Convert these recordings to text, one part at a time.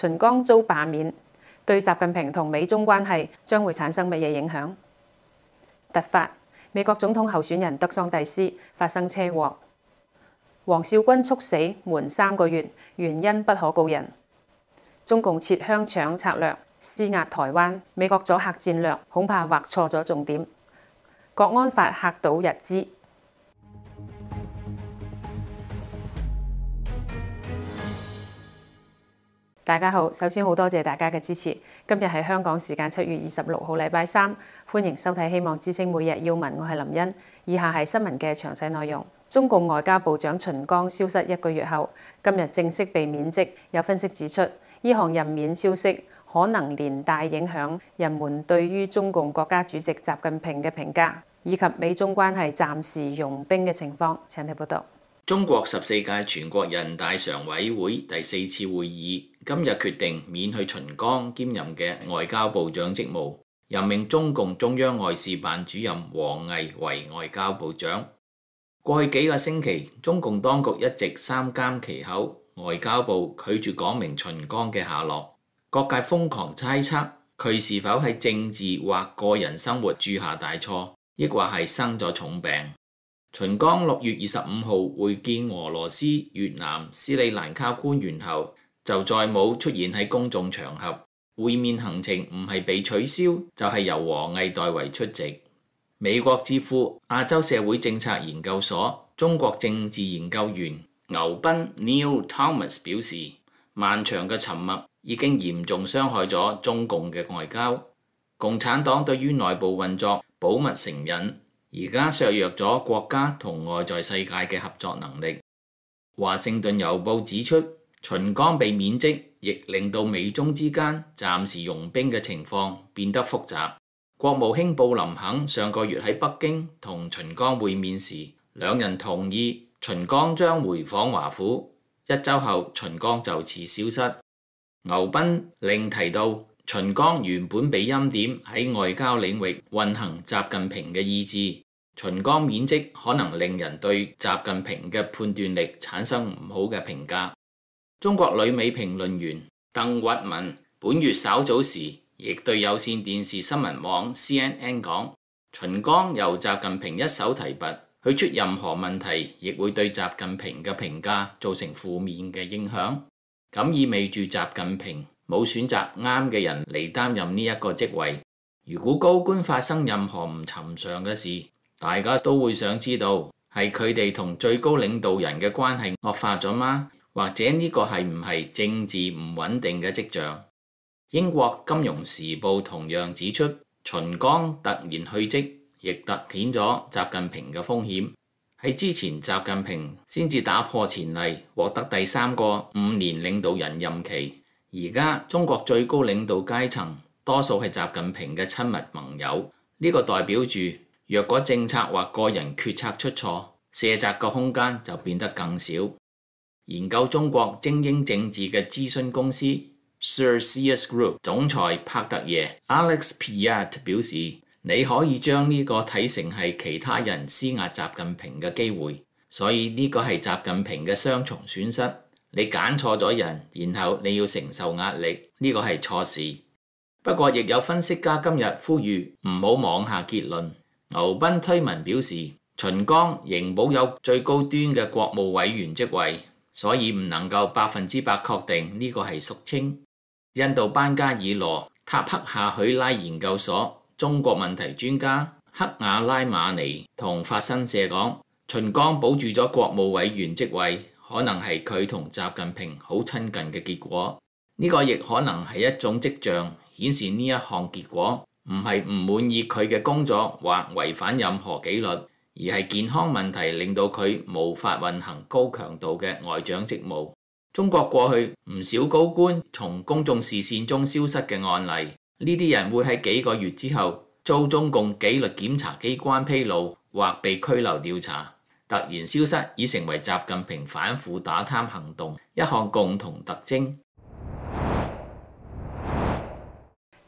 秦剛遭罷免，對習近平同美中關係將會產生乜嘢影響？突發，美國總統候選人德桑蒂斯發生車禍。王少軍猝死瞞三個月，原因不可告人。中共切香腸策略施壓台灣，美國阻嚇戰略恐怕劃錯咗重點。國安法嚇倒日資。大家好，首先好多謝大家嘅支持。今日係香港時間七月二十六號，禮拜三，歡迎收睇《希望之聲》每日要聞。我係林茵，以下係新聞嘅詳細內容。中共外交部長秦剛消失一個月後，今日正式被免職。有分析指出，呢項任免消息可能連帶影響人們對於中共國家主席習近平嘅評價，以及美中關係暫時融冰嘅情況。請聽報道。中國十四屆全國人大常委會第四次會議今日決定免去秦剛兼任嘅外交部長職務，任命中共中央外事辦主任王毅為外交部長。過去幾個星期，中共當局一直三緘其口，外交部拒絕講明秦剛嘅下落，各界瘋狂猜測佢是否係政治或個人生活鑄下大錯，抑或係生咗重病。秦剛六月二十五號會見俄羅斯、越南、斯里蘭卡官員後，就再冇出現喺公眾場合。會面行程唔係被取消，就係、是、由王毅代為出席。美國智庫亞洲社會政策研究所中國政治研究員牛斌 （Neil Thomas） 表示：漫長嘅沉默已經嚴重傷害咗中共嘅外交。共產黨對於內部運作保密成癮。而家削弱咗國家同外在世界嘅合作能力。華盛頓郵報指出，秦剛被免職，亦令到美中之間暫時融冰嘅情況變得複雜。國務卿布林肯上個月喺北京同秦剛會面時，兩人同意秦剛將回訪華府。一週後，秦剛就此消失。牛斌另提到，秦剛原本俾欽點喺外交領域運行習近平嘅意志。秦剛免職可能令人對習近平嘅判斷力產生唔好嘅評價。中國旅美評論員鄧岳文本月稍早時亦對有線電視新聞網 C N N 講：秦剛由習近平一手提拔，佢出任何問題，亦會對習近平嘅評價造成負面嘅影響。咁意味住習近平冇選擇啱嘅人嚟擔任呢一個職位。如果高官發生任何唔尋常嘅事，大家都會想知道係佢哋同最高領導人嘅關係惡化咗嗎？或者呢個係唔係政治唔穩定嘅跡象？英國金融時報同樣指出，秦剛突然去職，亦突顯咗習近平嘅風險。喺之前，習近平先至打破前例，獲得第三個五年領導人任期。而家中國最高領導階層多數係習近平嘅親密盟友，呢個代表住，若果政策或個人決策出錯，卸責嘅空間就變得更少。研究中國精英政治嘅諮詢公司 Cercius Group 總裁帕特耶 Alex Piat 表示：你可以將呢個睇成係其他人施壓習近平嘅機會，所以呢個係習近平嘅雙重損失。你揀錯咗人，然後你要承受壓力，呢個係錯事。不過，亦有分析家今日呼籲唔好妄下結論。牛斌推文表示，秦剛仍保有最高端嘅國務委員職位，所以唔能夠百分之百確定呢個係俗稱。印度班加爾羅塔克夏許拉研究所，中國問題專家，克瓦拉馬尼，同法新社講，秦剛保住咗國務委員職位，可能係佢同習近平好親近嘅結果。呢、這個亦可能係一種跡象，顯示呢一項結果。唔係唔滿意佢嘅工作或違反任何紀律，而係健康問題令到佢無法運行高強度嘅外長職務。中國過去唔少高官從公眾視線中消失嘅案例，呢啲人會喺幾個月之後遭中共紀律檢查機關披露或被拘留調查，突然消失已成為習近平反腐打貪行動一項共同特徵。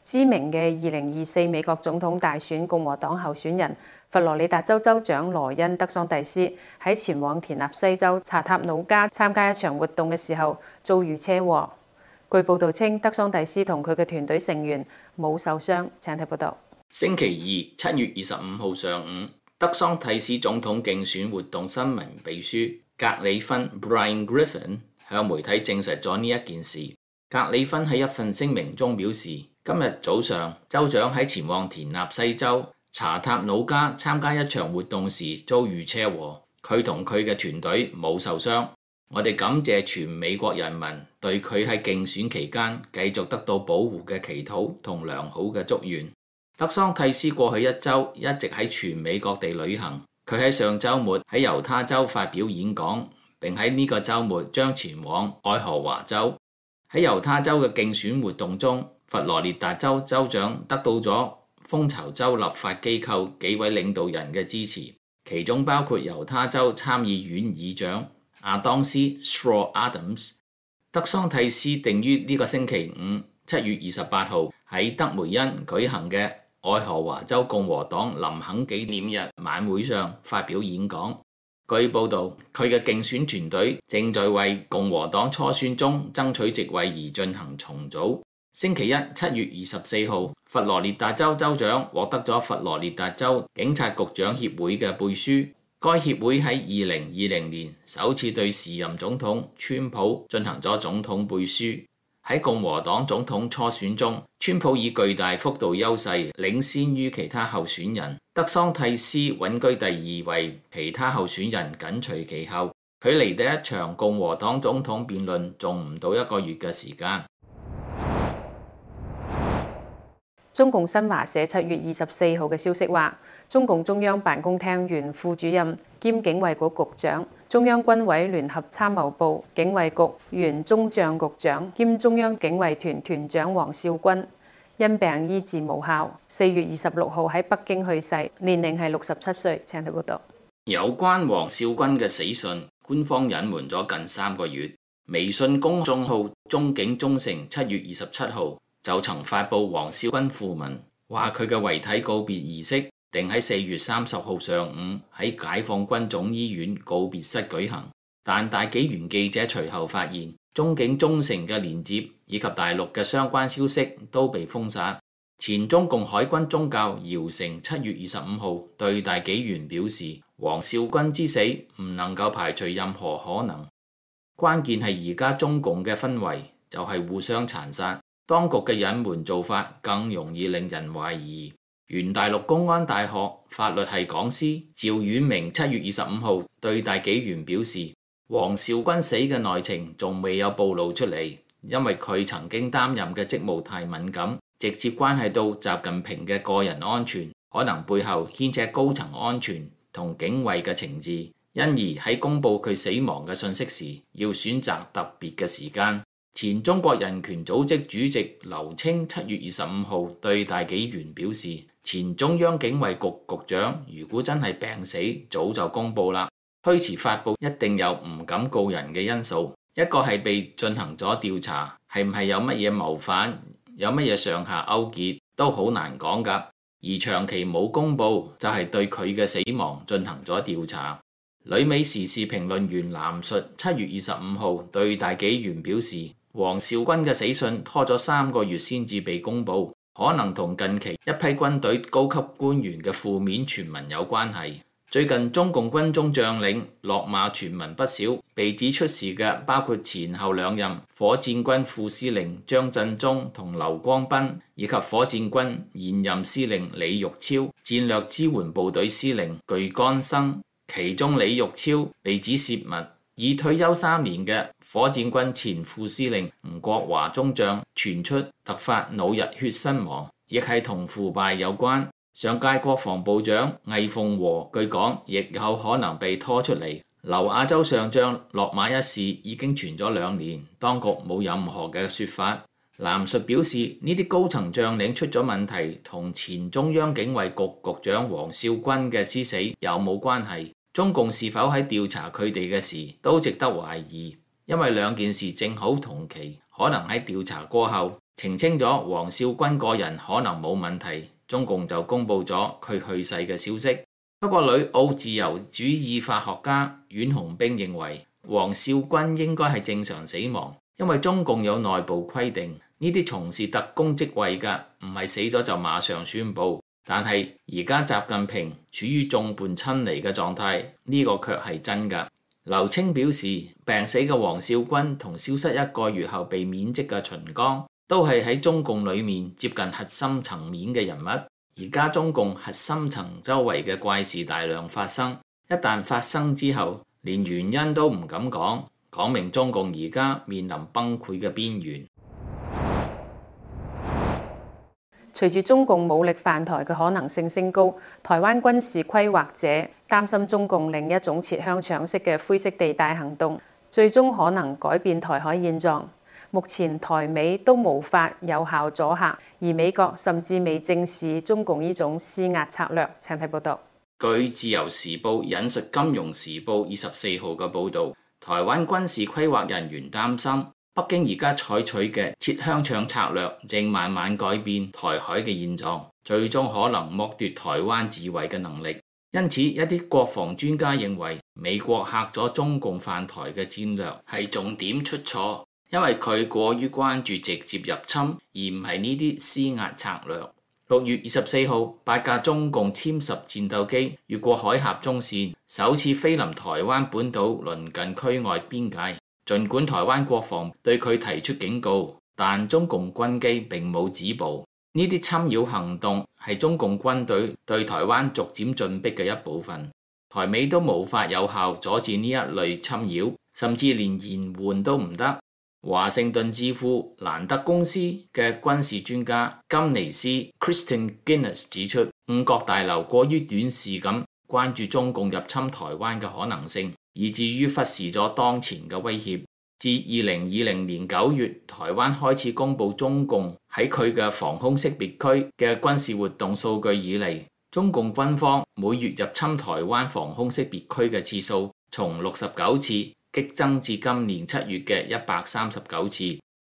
知名嘅二零二四美國總統大選共和黨候選人佛羅里達州州州長羅恩德桑蒂斯喺前往田納西州查塔努加參加一場活動嘅時候遭遇車禍。據報道稱，德桑蒂斯同佢嘅團隊成員冇受傷，請睇報道，星期二七月二十五號上午，德桑蒂斯總統競選活動新聞秘書格里芬 Brian Griffin 向媒體證實咗呢一件事。格里芬喺一份聲明中表示。今日早上，州長喺前往田納西州查塔努加參加一場活動時遭遇車禍，佢同佢嘅團隊冇受傷，我哋感謝全美國人民對佢喺競選期間繼續得到保護嘅祈禱同良好嘅祝願。德桑蒂斯過去一周一直喺全美國地旅行，佢喺上周末喺猶他州發表演講，並喺呢個周末將前往愛荷華州喺猶他州嘅競選活動中。佛羅列達州州長得到咗蜂巢州立法機構幾位領導人嘅支持，其中包括猶他州參議院議長阿當斯 （Shaw Adams）。德桑蒂斯定於呢個星期五，七月二十八號喺德梅恩舉行嘅愛荷華州共和黨林肯紀念日晚會上發表演講。據報道，佢嘅競選團隊正在為共和黨初選中爭取席位而進行重組。星期一，七月二十四號，佛羅列達州州長獲得咗佛羅列達州警察局長協會嘅背書。該協會喺二零二零年首次對時任總統川普進行咗總統背書。喺共和黨總統初選中，川普以巨大幅度優勢領先於其他候選人，德桑蒂斯穩居第二位，其他候選人緊隨其後。距離第一場共和黨總統辯論仲唔到一個月嘅時間。中共新華社七月二十四號嘅消息話，中共中央辦公廳原副主任兼警衛局局長、中央軍委聯合參謀部警衛局原中將局長兼中央警衛團團長王少軍因病醫治無效，四月二十六號喺北京去世，年齡係六十七歲。請睇報道。有關王少軍嘅死訊，官方隱瞞咗近三個月。微信公眾號中警中誠七月二十七號。就曾發布王少軍訃聞，話佢嘅遺體告別儀式定喺四月三十號上午喺解放軍總醫院告別室舉行。但大紀元記者隨後發現，中警中城嘅連接以及大陸嘅相關消息都被封殺。前中共海軍中校姚成七月二十五號對大紀元表示：王少軍之死唔能夠排除任何可能，關鍵係而家中共嘅氛圍就係、是、互相殘殺。當局嘅隱瞞做法更容易令人懷疑。原大陸公安大學法律系講師趙遠明七月二十五號對大紀元表示，王少軍死嘅內情仲未有暴露出嚟，因為佢曾經擔任嘅職務太敏感，直接關係到習近平嘅個人安全，可能背後牽扯高層安全同警衛嘅情治，因而喺公佈佢死亡嘅信息時，要選擇特別嘅時間。前中國人權組織主席劉青七月二十五號對大紀元表示：前中央警衛局局，局長如果真係病死，早就公佈啦。推遲發布一定有唔敢告人嘅因素，一個係被進行咗調查，係唔係有乜嘢謀反，有乜嘢上下勾結，都好難講噶。而長期冇公佈，就係、是、對佢嘅死亡進行咗調查。旅美時事評論員藍述七月二十五號對大紀元表示。王少軍嘅死訊拖咗三個月先至被公布，可能同近期一批軍隊高級官員嘅負面傳聞有關係。最近中共軍中將領落馬傳聞不少，被指出事嘅包括前後兩任火箭軍副司令張振中同劉光斌，以及火箭軍現任司令李玉超、戰略支援部隊司令巨乾生，其中李玉超被指泄密。已退休三年嘅火箭軍前副司令吳國華中將傳出突發腦溢血身亡，亦係同腐敗有關。上屆國防部長魏鳳和據講亦有可能被拖出嚟。劉亞洲上將落馬一事已經傳咗兩年，當局冇任何嘅說法。藍述表示呢啲高層將領出咗問題，同前中央警衛局局長王少軍嘅之死有冇關係？中共是否喺調查佢哋嘅事都值得懷疑，因為兩件事正好同期，可能喺調查過後澄清咗王少軍個人可能冇問題，中共就公布咗佢去世嘅消息。不過旅澳自由主義法學家阮紅兵認為王少軍應該係正常死亡，因為中共有內部規定，呢啲從事特工職位嘅，唔係死咗就馬上宣布。但係而家習近平處於眾叛親離嘅狀態，呢、這個卻係真噶。劉青表示，病死嘅王少軍同消失一個月後被免職嘅秦剛，都係喺中共裏面接近核心層面嘅人物。而家中共核心層周圍嘅怪事大量發生，一旦發生之後，連原因都唔敢講，講明中共而家面臨崩潰嘅邊緣。隨住中共武力犯台嘅可能性升高，台灣軍事規劃者擔心中共另一種切香腸式嘅灰色地帶行動，最終可能改變台海現狀。目前台美都無法有效阻嚇，而美國甚至未正視中共呢種施壓策略。請睇報道。據自由時報引述《金融時報》二十四號嘅報導，台灣軍事規劃人員擔心。北京而家採取嘅切香腸策略，正慢慢改變台海嘅現狀，最終可能剝奪台灣自衛嘅能力。因此，一啲國防專家認為，美國嚇阻中共犯台嘅戰略係重點出錯，因為佢過於關注直接入侵，而唔係呢啲施壓策略。六月二十四號，八架中共殲十戰鬥機越過海峽中線，首次飛臨台灣本島鄰近區外邊界。儘管台灣國防對佢提出警告，但中共軍機並冇止步。呢啲侵擾行動係中共軍隊對台灣逐漸進逼嘅一部分。台美都無法有效阻止呢一類侵擾，甚至連延緩都唔得。華盛頓智庫蘭德公司嘅軍事專家金尼斯 Kristen Guinness 指出，五角大樓過於短視咁關注中共入侵台灣嘅可能性。以至於忽視咗當前嘅威脅。自二零二零年九月，台灣開始公佈中共喺佢嘅防空識別區嘅軍事活動數據以嚟，中共軍方每月入侵台灣防空識別區嘅次數，從六十九次激增至今年七月嘅一百三十九次。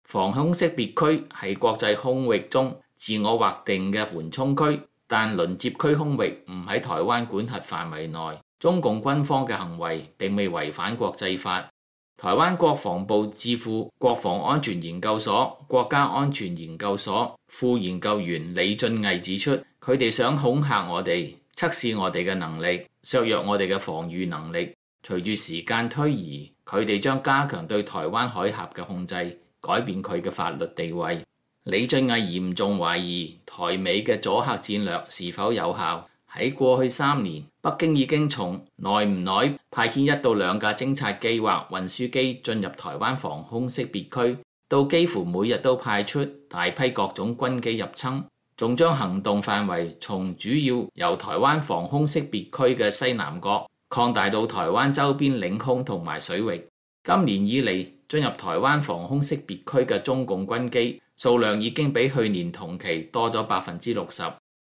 防空識別區係國際空域中自我劃定嘅緩衝區，但鄰接區空域唔喺台灣管轄範圍內。中共軍方嘅行為並未違反國際法。台灣國防部智庫國防安全研究所、國家安全研究所副研究員李俊毅指出，佢哋想恐嚇我哋，測試我哋嘅能力，削弱我哋嘅防禦能力。隨住時間推移，佢哋將加強對台灣海峽嘅控制，改變佢嘅法律地位。李俊毅嚴重懷疑台美嘅阻嚇戰略是否有效。喺過去三年，北京已經從耐唔耐派遣一到兩架偵察機或運輸機進入台灣防空識別區，到幾乎每日都派出大批各種軍機入侵，仲將行動範圍從主要由台灣防空識別區嘅西南角擴大到台灣周邊領空同埋水域。今年以嚟進入台灣防空識別區嘅中共軍機數量已經比去年同期多咗百分之六十。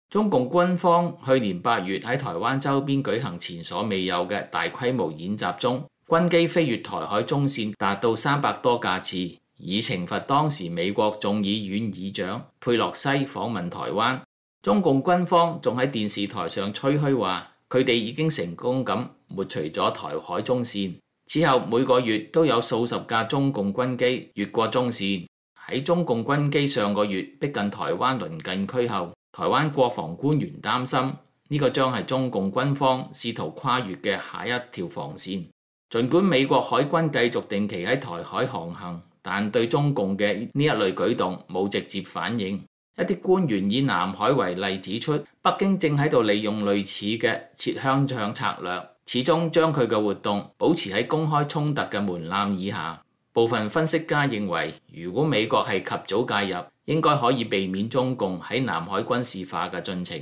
中共軍方去年八月喺台灣周邊舉行前所未有嘅大規模演習中，軍機飛越台海中線達到三百多架次，以懲罰當時美國眾議院議長佩洛西訪問台灣。中共軍方仲喺電視台上吹噓話，佢哋已經成功咁抹除咗台海中線。此後每個月都有數十架中共軍機越過中線。喺中共軍機上個月逼近台灣鄰近區後。台灣國防官員擔心，呢個將係中共軍方試圖跨越嘅下一條防線。儘管美國海軍繼續定期喺台海航行，但對中共嘅呢一類舉動冇直接反應。一啲官員以南海為例指出，北京正喺度利用類似嘅切香腸策略，始終將佢嘅活動保持喺公開衝突嘅門檻以下。部分分析家認為，如果美國係及早介入，應該可以避免中共喺南海軍事化嘅進程。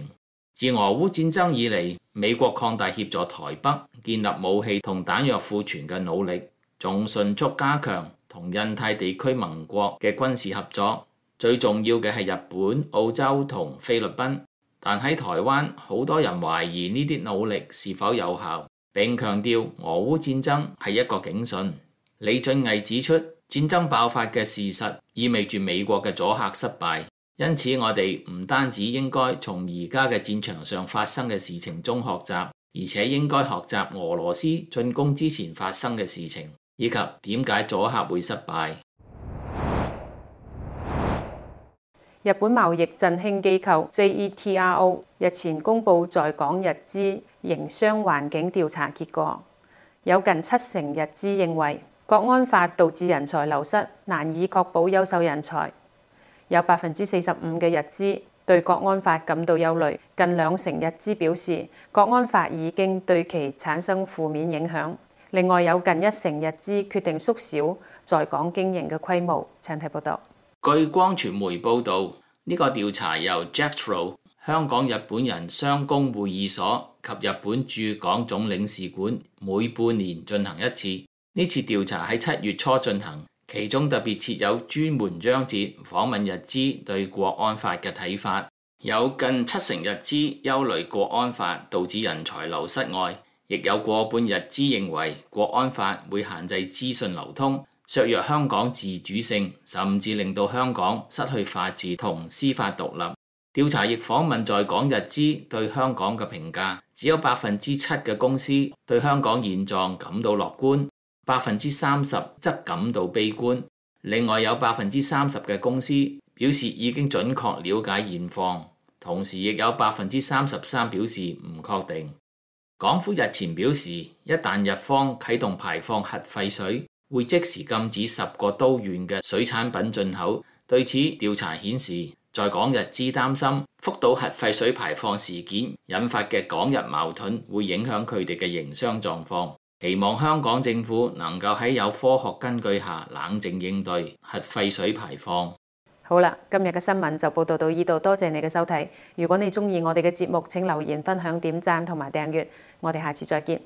自俄烏戰爭以嚟，美國擴大協助台北建立武器同彈藥庫存嘅努力，仲迅速加強同印太地區盟國嘅軍事合作。最重要嘅係日本、澳洲同菲律賓，但喺台灣，好多人懷疑呢啲努力是否有效，並強調俄烏戰爭係一個警訊。李俊毅指出。戰爭爆發嘅事實意味住美國嘅阻嚇失敗，因此我哋唔單止應該從而家嘅戰場上發生嘅事情中學習，而且應該學習俄羅斯進攻之前發生嘅事情，以及點解阻嚇會失敗。日本貿易振興機構 JETRO 日前公布在港日資營商環境調查結果，有近七成日資認為。國安法導致人才流失，難以確保優秀人才。有百分之四十五嘅日資對國安法感到憂慮，近兩成日資表示國安法已經對其產生負面影響。另外有近一成日資決定縮小在港經營嘅規模。請睇報道。據光傳媒報道，呢、這個調查由 Jetro 香港日本人商工會議所及日本駐港總領事館每半年進行一次。呢次調查喺七月初進行，其中特別設有專門章節訪問日資對國安法嘅睇法。有近七成日資憂慮國安法導致人才流失外，亦有過半日資認為國安法會限制資訊流通，削弱香港自主性，甚至令到香港失去法治同司法獨立。調查亦訪問在港日資對香港嘅評價，只有百分之七嘅公司對香港現狀感到樂觀。百分之三十則感到悲觀，另外有百分之三十嘅公司表示已經準確了解現況，同時亦有百分之三十三表示唔確定。港府日前表示，一旦日方啟動排放核廢水，會即時禁止十個都縣嘅水產品進口。對此調查顯示，在港日資擔心福島核廢水排放事件引發嘅港日矛盾會影響佢哋嘅營商狀況。期望香港政府能夠喺有科學根據下冷靜應對核廢水排放。好啦，今日嘅新聞就報道到呢度，多謝你嘅收睇。如果你中意我哋嘅節目，請留言分享、點讚同埋訂閱。我哋下次再見。